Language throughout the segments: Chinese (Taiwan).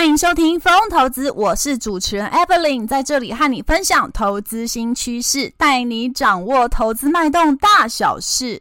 歡迎收聽《瘋投資》，我是主持人 Evelyn，在這裡和你分享投資新趨勢，帶你掌握投資脈動大小事。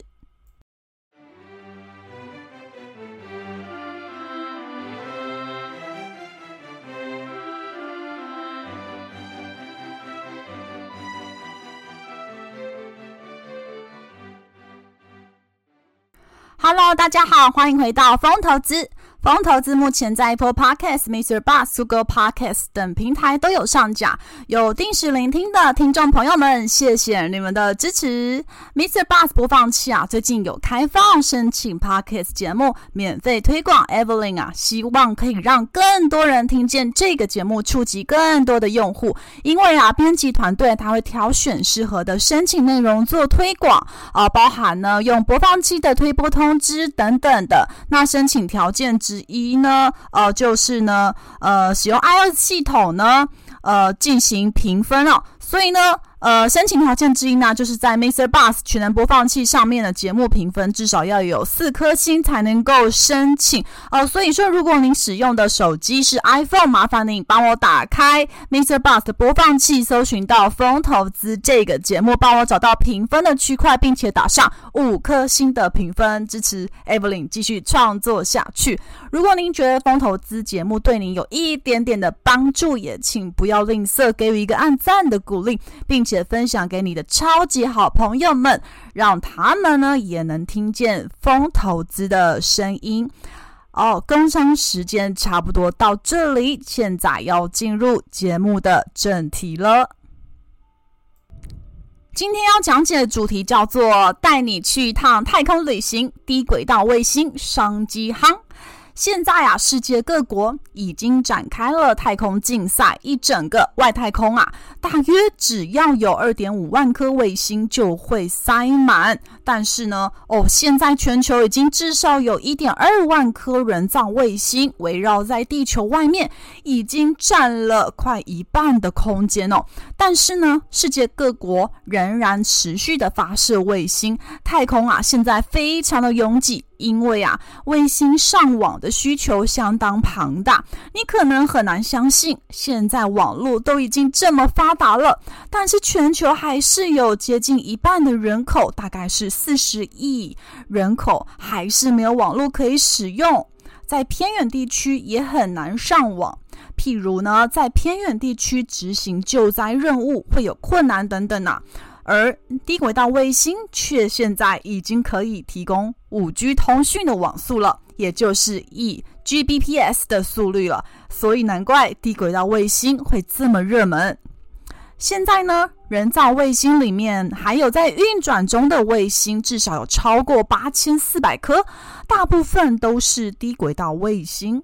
Hello，大家好，歡迎回到《瘋投資》。瘋投資目前在 Apple Podcasts、Mr. Bass、Suko Podcasts 等平臺都有上架。有定時聆聽的聽眾朋友們，謝謝你們的支持。Mr. Bass 播放器啊，最近有開放申請 Podcast 節目免費推廣。Evelyn 啊，希望可以讓更多人聽見這個節目，觸及更多的用戶。因為啊，編輯團隊他會挑選適合的申請內容做推廣啊、呃，包含呢用播放器的推播通知等等的。那申請條件。之一呢，呃，就是呢，呃，使用 iOS 系統呢，呃，進行評分了，所以呢。呃，申請條件之一呢，就是在 Mister Bus 全能播放器上面的節目評分至少要有四顆星才能夠申請哦。呃，所以說，如果您使用的手機是 iPhone，麻煩您幫我打開 Mister Bus 的播放器，搜尋到《風投資》這個節目，幫我找到評分的區塊，並且打上五顆星的評分，支持 Evelyn 繼續創作下去。如果您覺得《風投資》節目對您有一點點的幫助，也請不要吝嗇，給予一個按讚的鼓勵，並且。且分享給你的超級好朋友們，讓他們呢也能聽見瘋投資的聲音哦。工商時間差不多到這裡，現在要進入節目的正題了。今天要講解的主題叫做“帶你去一趟太空旅行——低軌道衛星商機夯”。現在啊，世界各國已經展開了太空競賽。一整個外太空啊，大約只要有二點五萬顆衛星就會塞滿。但是呢，哦，現在全球已經至少有一點二萬顆人造衛星圍繞在地球外面，已經占了快一半的空間哦。但是呢，世界各國仍然持續的發射衛星，太空啊，現在非常的擁擠。因為啊，衛星上網的需求相當龐大，你可能很難相信，現在網絡都已經這麼發達了，但是全球還是有接近一半的人口，大概是四十億人口，還是沒有網絡可以使用，在偏遠地區也很難上網，譬如呢，在偏遠地區執行救災任務會有困難等等呢、啊。而低軌道衛星卻現在已經可以提供五 G 通訊的網速了，也就是一 Gbps 的速率了，所以難怪低軌道衛星會這麼熱門。現在呢，人造衛星裡面還有在運轉中的衛星，至少有超過八千四百顆，大部分都是低軌道衛星。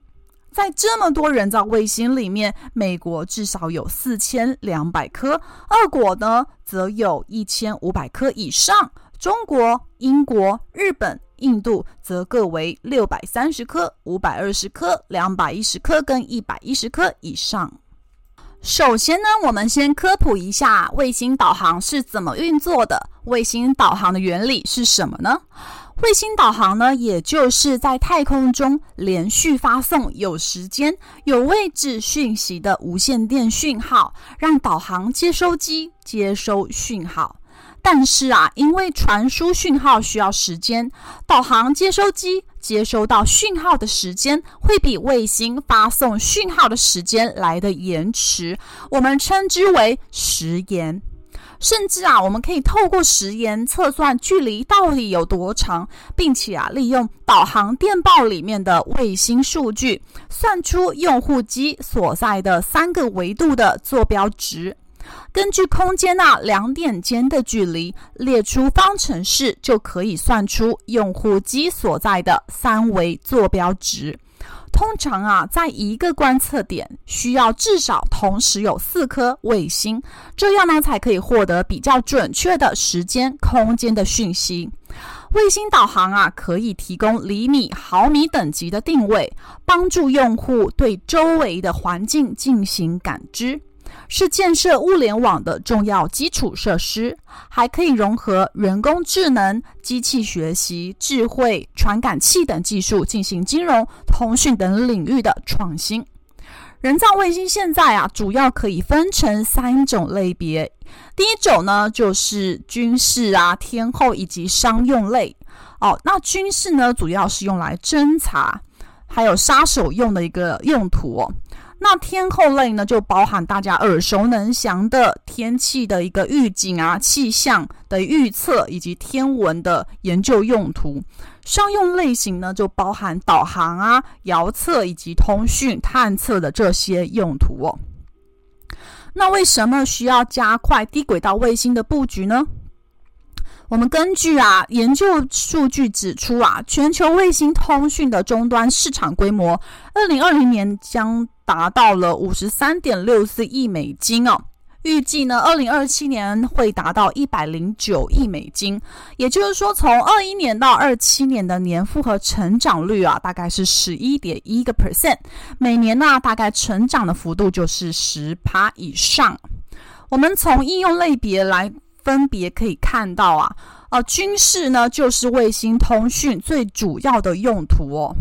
在這麼多人造衛星裡面，美國至少有四千兩百顆，俄國呢則有一千五百顆以上，中國、英國、日本、印度則各為六百三十顆、五百二十顆、兩百一十顆跟一百一十顆以上。首先呢，我們先科普一下衛星導航是怎麼運作的，衛星導航的原理是什麼呢？衛星導航呢，也就是在太空中連續發送有時間、有位置訊息的無線電訊號，讓導航接收機接收訊號。但是啊，因為傳輸訊號需要時間，導航接收機接收到訊號的時間會比衛星發送訊號的時間來得延遲，我們稱之為時延。甚至啊，我們可以透過時延測算距離到底有多長，並且啊，利用導航電報裡面的衛星數據，算出用戶機所在的三個維度的坐標值。根據空間啊兩點間的距離，列出方程式，就可以算出用戶機所在的三維坐標值。通常啊，在一個觀測點需要至少同時有四顆衛星，這樣呢才可以獲得比較準確的時間、空間的訊息。衛星導航啊，可以提供釐米、毫米等級的定位，幫助用戶對周圍的環境進行感知，是建設物聯網的重要基礎設施，還可以融合人工智能、機器學習、智慧傳感器等技術，進行金融、通訊等領域的創新。人造衛星現在啊，主要可以分成三種類別。第一種呢，就是軍事啊、天候以及商用類。哦，那軍事呢，主要是用來偵察，還有殺手用的一個用途。那天候類呢，就包含大家耳熟能詳的天氣的一個預警啊，氣象的預測，以及天文的研究用途。商用類型呢，就包含導航啊、遙測以及通訊探測的這些用途，哦。那為什麼需要加快低軌道衛星的布局呢？我們根據啊研究數據指出啊，全球衛星通訊的終端市場規模，二零二零年將達到了五十三點六四億美金哦，預計呢，二零二七年會達到一百零九億美金，也就是說，從二一年到二七年的年複合成長率啊，大概是十一點一個 percent，每年呢、啊，大概成長的幅度就是十趴以上。我們從應用類別來分別可以看到啊，哦、啊，軍事呢，就是衛星通訊最主要的用途哦。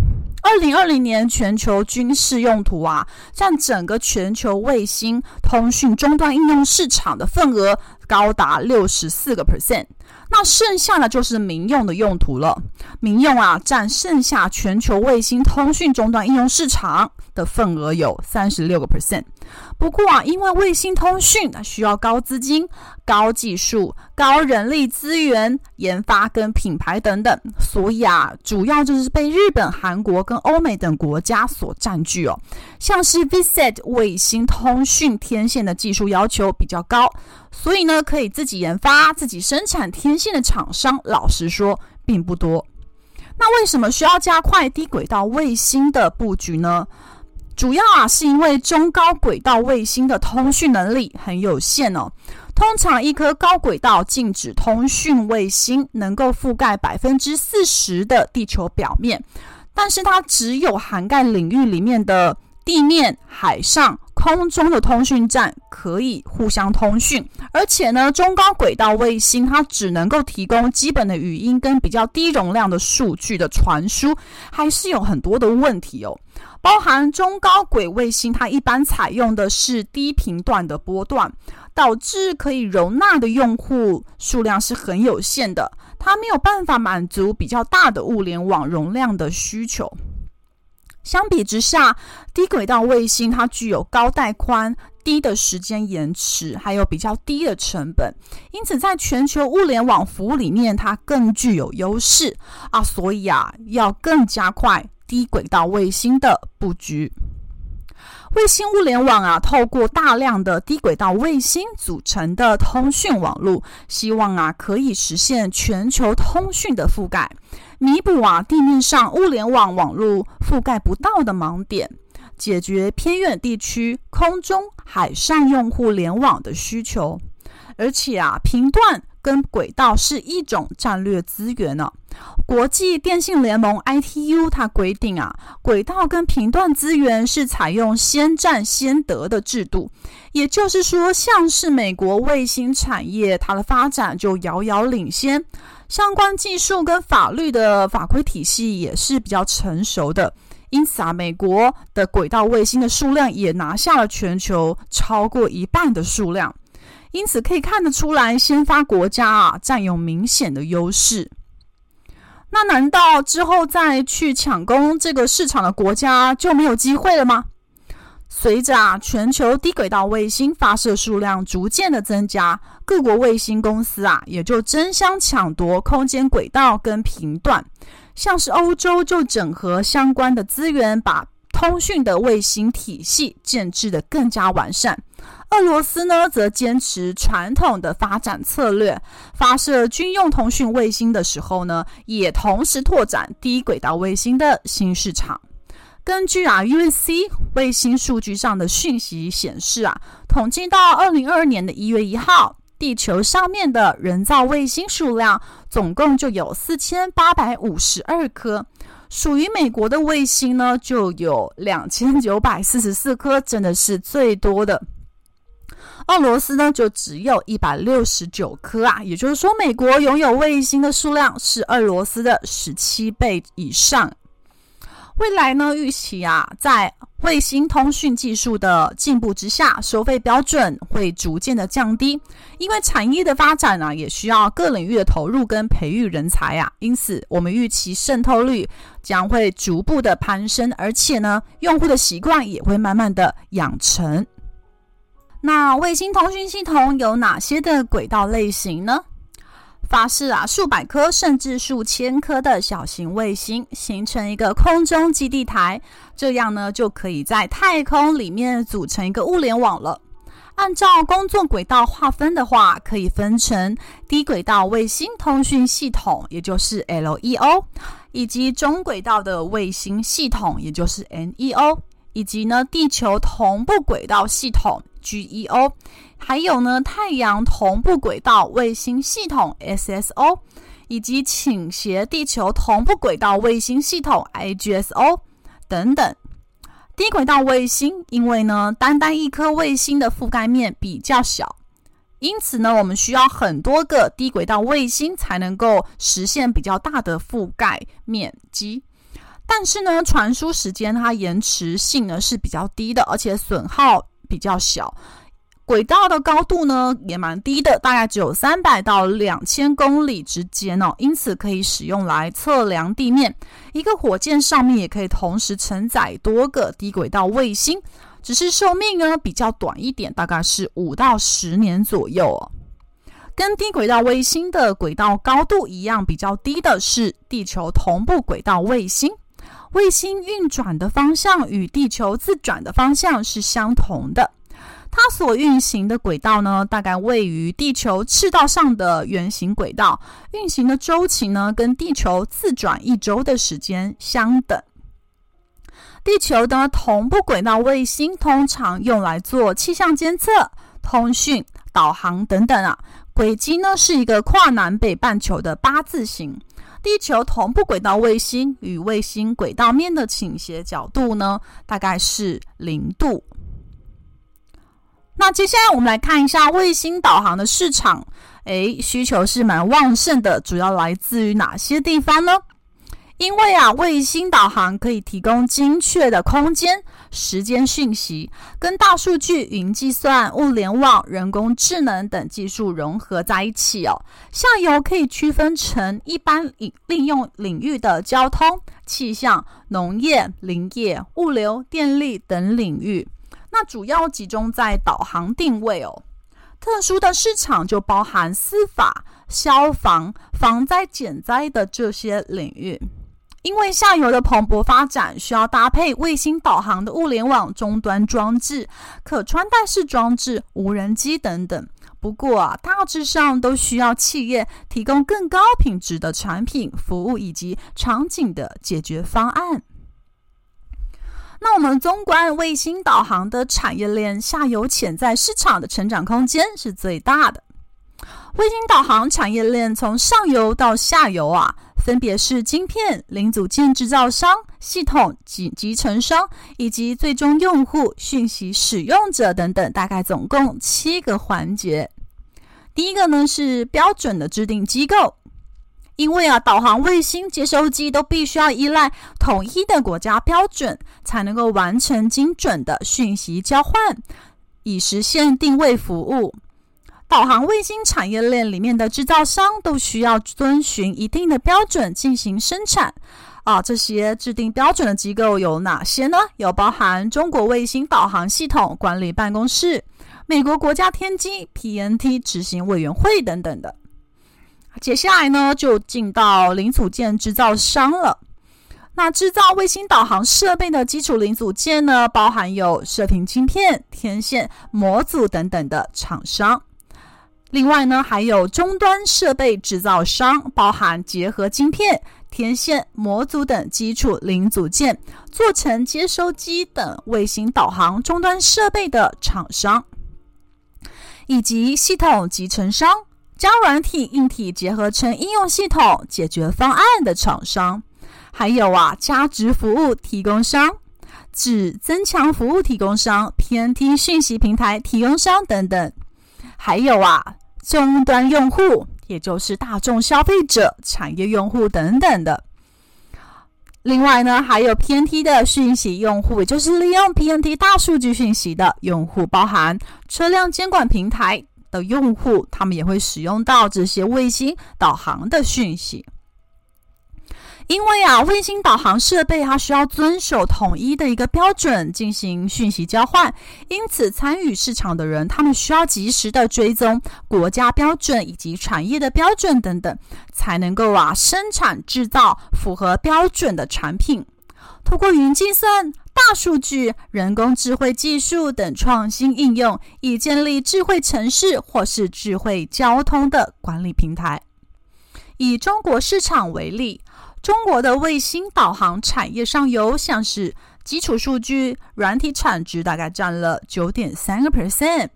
二零二零年，全球軍事用途啊，佔整個全球衛星通訊終端應用市場的份額高達六十四個 percent。那剩下的就是民用的用途了。民用啊，佔剩下全球衛星通訊終端應用市場的份額有三十六個 percent，不過啊，因為衛星通訊它需要高資金、高技術、高人力資源、研發跟品牌等等，所以啊，主要就是被日本、韓國跟歐美等國家所占據哦。像是 VSAT 衛星通訊天線的技術要求比較高，所以呢，可以自己研發、自己生產天線的廠商，老實說並不多。那為什麼需要加快低軌道衛星的布局呢？主要啊，是因為中高軌道衛星的通訊能力很有限哦。通常一顆高軌道靜止通訊衛星能夠覆蓋百分之四十的地球表面，但是它只有涵蓋領域裡面的地面、海上、空中的通訊站可以互相通訊。而且呢，中高軌道衛星它只能夠提供基本的語音跟比較低容量的數據的傳輸，還是有很多的問題哦。包含中高軌衛星，它一般採用的是低頻段的波段，導致可以容納的用戶數量是很有限的，它沒有辦法滿足比較大的物聯網容量的需求。相比之下，低軌道衛星它具有高帶寬、低的時間延遲，還有比較低的成本，因此在全球物聯網服務裡面它更具有優勢啊，所以啊要更加快。低軌道衛星的布局，衛星物聯網啊，透過大量的低軌道衛星組成的通訊網絡，希望啊可以實現全球通訊的覆蓋，彌補啊地面上物聯網網絡覆蓋不到的盲點，解決偏遠地區空中、海上用戶聯網的需求，而且啊頻段。跟軌道是一種戰略資源呢、啊。國際電信聯盟 ITU 它規定啊，軌道跟頻段資源是採用先占先得的制度。也就是說，像是美國衛星產業，它的發展就遙遙領先，相關技術跟法律的法規體系也是比較成熟的。因此啊，美國的軌道衛星的數量也拿下了全球超過一半的數量。因此可以看得出來，先發國家啊占有明顯的優勢。那難道之後再去搶攻這個市場的國家就沒有機會了嗎？隨着啊全球低軌道衛星發射數量逐漸的增加，各國衛星公司啊也就爭相搶奪空間軌道跟頻段。像是歐洲就整合相關的資源，把通訊的衛星體系建置得更加完善。俄羅斯呢，則堅持傳統的發展策略，發射軍用通訊衛星的時候呢，也同時拓展低軌道衛星的新市場。根據啊，USC 衛星數據上的訊息顯示啊，統計到二零二二年的一月一號，地球上面的人造衛星數量總共就有四千八百五十二顆，屬於美國的衛星呢，就有兩千九百四十四顆，真的是最多的。俄羅斯呢，就只有一百六十九顆啊，也就是說，美國擁有衛星的數量是俄羅斯的十七倍以上。未來呢，預期啊，在衛星通訊技術的進步之下，收費標準會逐漸的降低，因為產業的發展呢啊，也需要各領域的投入跟培育人才啊。因此，我們預期滲透率將會逐步的攀升，而且呢，用戶的習慣也會慢慢的養成。那衛星通訊系統有哪些的軌道類型呢？發射啊，數百顆甚至數千顆的小型衛星形成一個空中基地台，這樣呢就可以在太空裡面組成一個物聯網了。按照工作軌道劃分的話，可以分成低軌道衛星通訊系統，也就是 LEO，以及中軌道的衛星系統，也就是 NEO，以及呢地球同步軌道系統。GEO，還有呢太陽同步軌道衛星系統 SSO，以及傾斜地球同步軌道衛星系統 IGSO 等等。低軌道衛星，因為呢，單單一顆衛星的覆蓋面比較小，因此呢，我們需要很多個低軌道衛星才能夠實現比較大的覆蓋面積。但是呢，傳輸時間它延遲性呢是比較低的，而且損耗，比較小，軌道的高度呢也蠻低的，大概只有三百到兩千公里之間哦。因此可以使用來測量地面，一個火箭上面也可以同時承載多個低軌道衛星，只是壽命呢比較短一點，大概是五到十年左右哦。跟低軌道衛星的軌道高度一樣比較低的是地球同步軌道衛星。衛星運轉的方向與地球自轉的方向是相同的，它所運行的軌道呢，大概位於地球赤道上的圓形軌道，運行的週期呢，跟地球自轉一週的時間相等。地球的同步軌道衛星通常用來做氣象監測、通訊、導航等等啊，軌跡呢是一個跨南北半球的八字形。地球同步軌道衛星與衛星軌道面的傾斜角度呢，大概是零度。那接下來我們來看一下衛星導航的市場，哎，需求是蠻旺盛的，主要來自於哪些地方呢？因為啊，衛星導航可以提供精確的空間。時間訊息跟大數據、雲計算、物聯網、人工智能等技術融合在一起哦。下游可以區分成一般應應用領域的交通、氣象、農業、林業、物流、電力等領域。那主要集中在導航定位哦。特殊的市場就包含司法、消防、防災減災的這些領域。因為下游的蓬勃發展，需要搭配衛星導航的物聯網終端裝置、可穿戴式裝置、無人機等等。不過啊，大致上都需要企業提供更高品質的產品、服務以及場景的解決方案。那我們縱觀衛星導航的產業鏈，下游潛在市場的成長空間是最大的。衛星導航產業鏈從上游到下游啊。分別是晶片、零組件製造商、系統及集成商以及最終用戶、訊息使用者等等，大概總共七個環節。第一個呢是標準的制定機構，因為啊，導航衛星接收機都必須要依賴統一的國家標準，才能夠完成精準的訊息交換，以實現定位服務。導航衛星產業鏈裡面的製造商都需要遵循一定的標準進行生產啊。這些制定標準的機構有哪些呢？有包含中國衛星導航系統管理辦公室、美國國家天基 PNT 執行委員會等等的。接下來呢，就進到零組件製造商了。那製造衛星導航設備的基礎零組件呢，包含有射頻晶片、天線、模組等等的廠商。另外呢，還有終端設備製造商，包含結合晶片、天線、模組等基礎零組件，做成接收機等衛星導航終端設備的廠商，以及系統集成商，將軟體、硬體結合成應用系統解決方案的廠商，還有啊，加值服務提供商，指增強服務提供商、PNT 訊息平臺提供商等等，還有啊。終端用戶，也就是大眾消費者、產業用戶等等的。另外呢，還有 PNT 的訊息用戶，也就是利用 PNT 大數據訊息的用戶，包含車輛監管平台的用戶，他們也會使用到這些衛星導航的訊息。因為啊，衛星導航設備它、啊、需要遵守統一的一個標準進行訊息交換，因此參與市場的人，他們需要及時的追蹤國家標準以及產業的標準等等，才能夠啊生產制造符合標準的產品。通過雲計算、大數據、人工智慧技術等創新應用，以建立智慧城市或是智慧交通的管理平台。以中國市場為例。中國的衛星導航產業上游，像是基礎數據、軟體產值，大概占了九點三個 percent。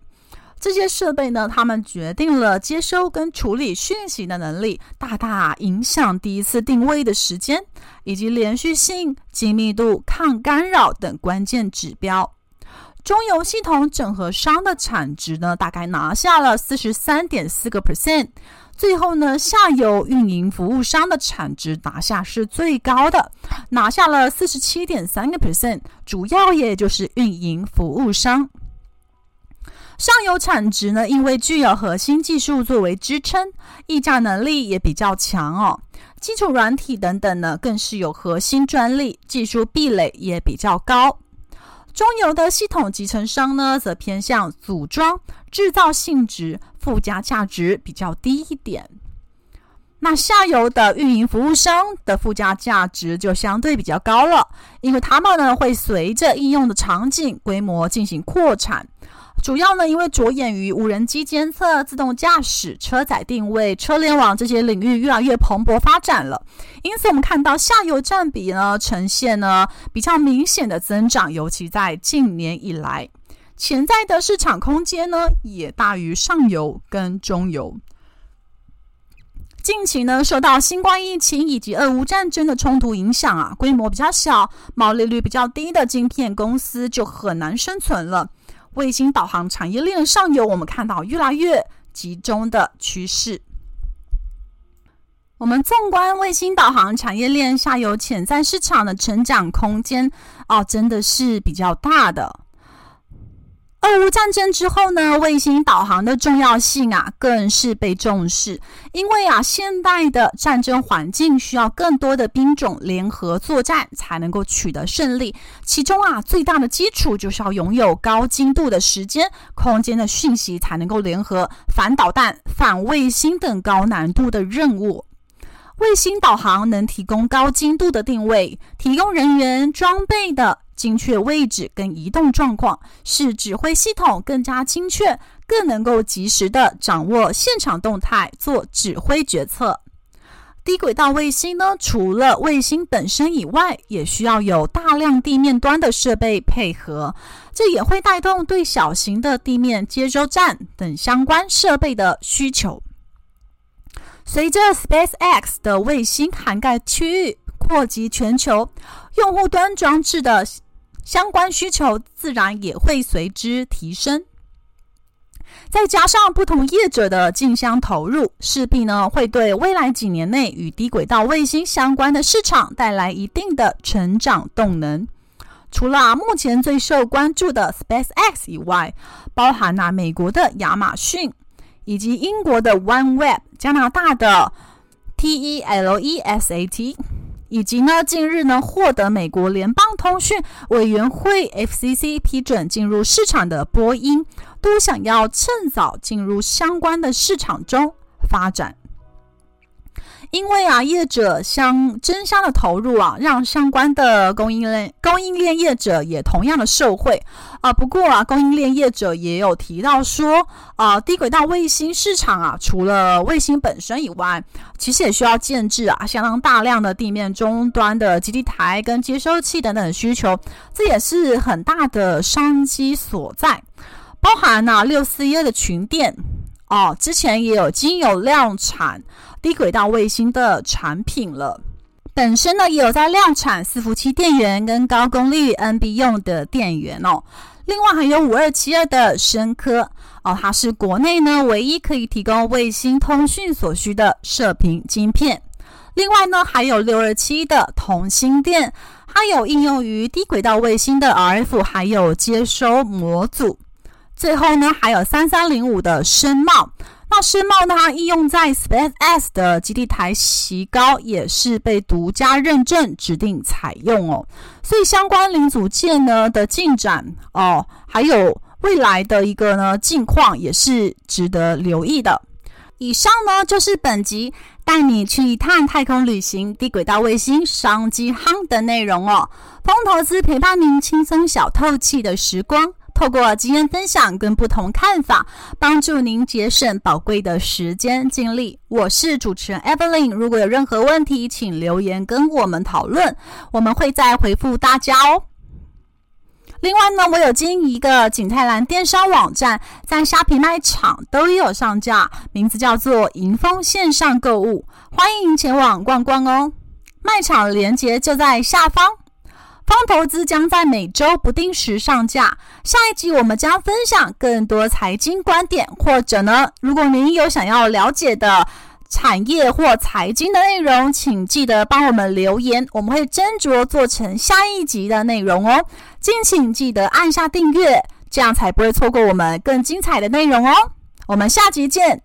這些設備呢，它們決定了接收跟處理訊息的能力，大大影響第一次定位的時間，以及連續性、精密度、抗干擾等關鍵指標。中游系統整合商的產值呢，大概拿下了四十三點四個 percent。最後呢，下游運營服務商的產值拿下是最高的，拿下了四十七點三個 percent，主要也就是運營服務商。上游產值呢，因為具有核心技術作為支撐，溢價能力也比較強哦。基礎軟體等等呢，更是有核心專利，技術壁壘也比較高。中游的系統集成商呢，則偏向組裝製造性質，附加價值比較低一點。那下游的運營服務商的附加價值就相對比較高了，因為他們呢會隨着應用的場景規模進行擴產。主要呢，因為着眼於無人機監測、自動駕駛、車載定位、車聯網這些領域越來越蓬勃發展了，因此我們看到下游占比呢呈現呢比較明顯的增長，尤其在近年以來，潛在的市場空間呢也大於上游跟中游。近期呢，受到新冠疫情以及俄烏戰爭的衝突影響啊，規模比較小、毛利率比較低的晶片公司就很難生存了。衛星導航產業鏈上游，我們看到越來越集中的趨勢。我們縱觀衛星導航產業鏈下游潛在市場的成長空間，啊、哦，真的是比較大的。俄烏戰爭之後呢，衛星導航的重要性啊，更是被重視。因為啊，現代的戰爭環境需要更多的兵種聯合作戰才能夠取得勝利。其中啊，最大的基礎就是要擁有高精度的時間、空間的訊息，才能夠聯合反導彈、反衛星等高難度的任務。衛星導航能提供高精度的定位，提供人員裝備的。精確位置跟移動狀況，使指揮系統更加精確，更能夠及時地掌握現場動態，做指揮決策。低軌道衛星呢，除了衛星本身以外，也需要有大量地面端的設備配合，這也會帶動對小型的地面接收站等相關設備的需求。隨着 SpaceX 的衛星涵蓋區域擴及全球，用戶端裝置的。相關需求自然也會隨之提升，再加上不同業者的競相投入，勢必呢會對未來幾年內與低軌道衛星相關的市場帶來一定的成長動能。除了目前最受關注的 SpaceX 以外，包含了、啊、美國的亞馬遜，以及英國的 OneWeb、加拿大的 TELESAT，E L E S A T，以及呢，近日呢獲得美國聯邦通訊委員會 FCC 批准進入市場的波音，都想要趁早進入相關的市場中發展。因為啊，業者相爭相的投入啊，讓相關的供應鏈供應鏈業者也同樣的受惠啊。不過啊，供應鏈業者也有提到說啊，低軌道衛星市場啊，除了衛星本身以外，其實也需要建置啊相當大量的地面終端的基地台跟接收器等等的需求，這也是很大的商機所在。包含了六四一二的群電哦、啊，之前也有經有量產。低軌道衛星的產品了，本身呢也有在量產伺服器電源跟高功率 NB 用的電源哦。另外還有五二七二的笙科哦，它是國內呢唯一可以提供衛星通訊所需的射頻晶片。另外呢還有六二七的同欣電，它有應用於低軌道衛星的 RF 還有接收模組。最後呢還有三三零五的昇貿。那施貿呢，它應用在 SpaceX 的基地台旗高，也是被獨家認證指定採用哦。所以相關零組件呢的進展哦，還有未來的一個呢近況也是值得留意的。以上呢就是本集帶你去一趟太空旅行，低軌道衛星，商機夯的內容哦。瘋投資陪伴您輕鬆小透氣的時光。透過經驗分享跟不同看法，幫助您節省寶貴的時間精力。我是主持人 Evelyn，如果有任何問題，請留言跟我們討論，我們會再回復大家哦。另外呢，我有經營一個景泰藍電商網站，在蝦皮賣場都有上架，名字叫做瑩豐線上購物，歡迎前往逛逛哦。賣場鏈接就在下方。瘋投資將在每周不定時上架。下一集我們將分享更多財經觀點，或者呢，如果您有想要了解的產業或財經的內容，請記得幫我們留言，我們會斟酌做成下一集的內容哦。敬請記得按下訂閱，這樣才不會錯過我們更精彩的內容哦。我們下集見。